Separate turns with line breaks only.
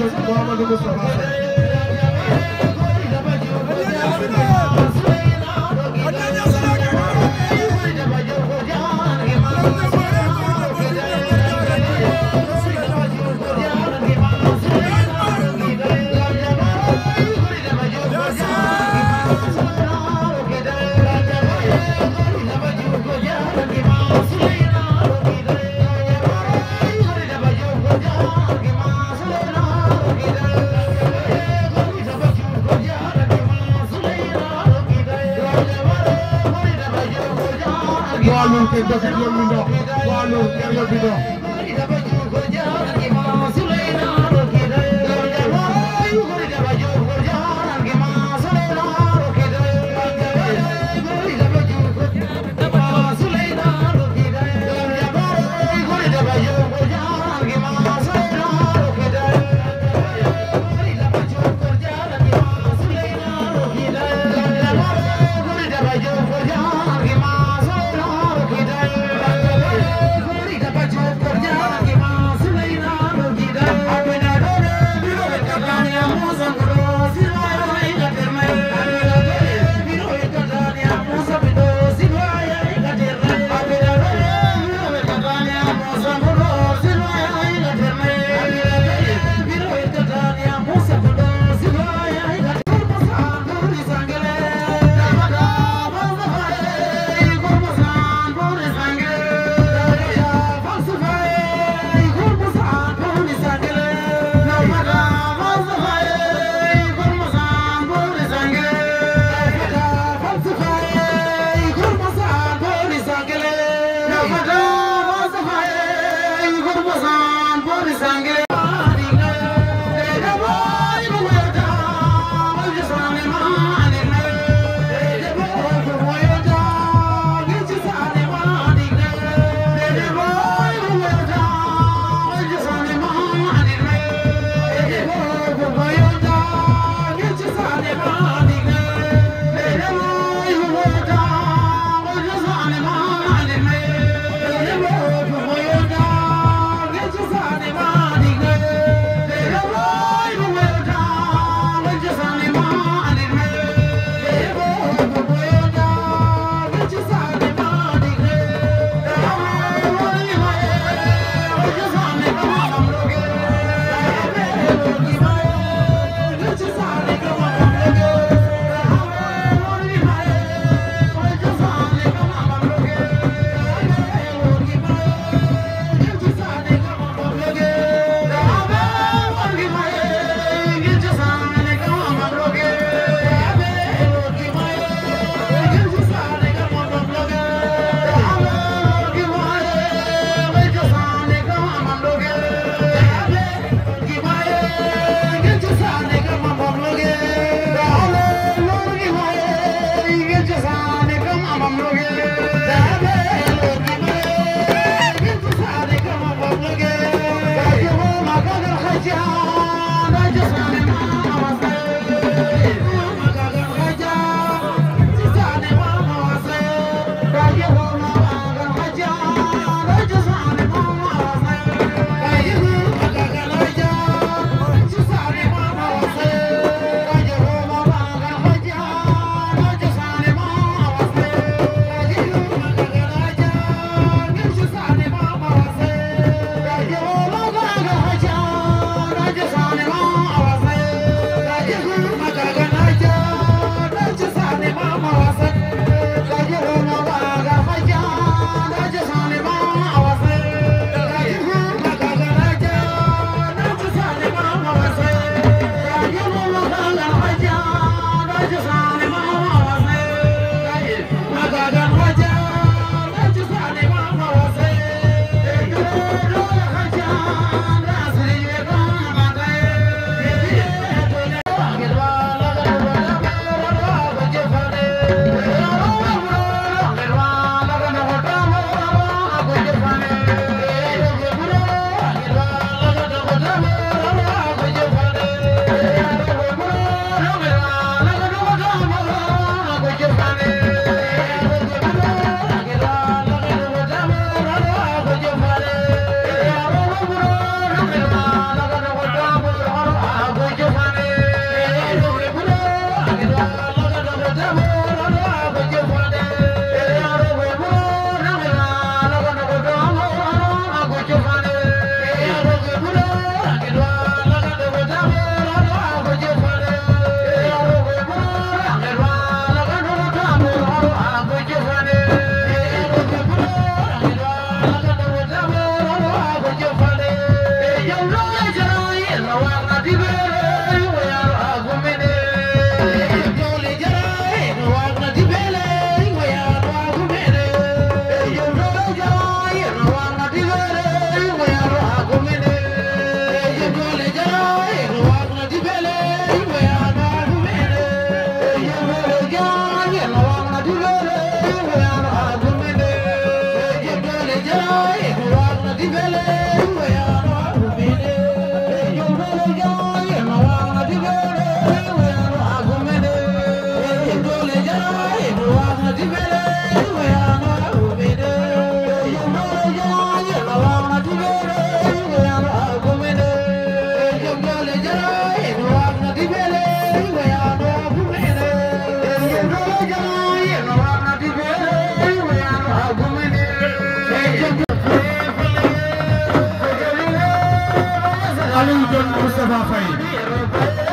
Deus, palmas do Gustavo. ¡Vamos! ke Moustapha Faye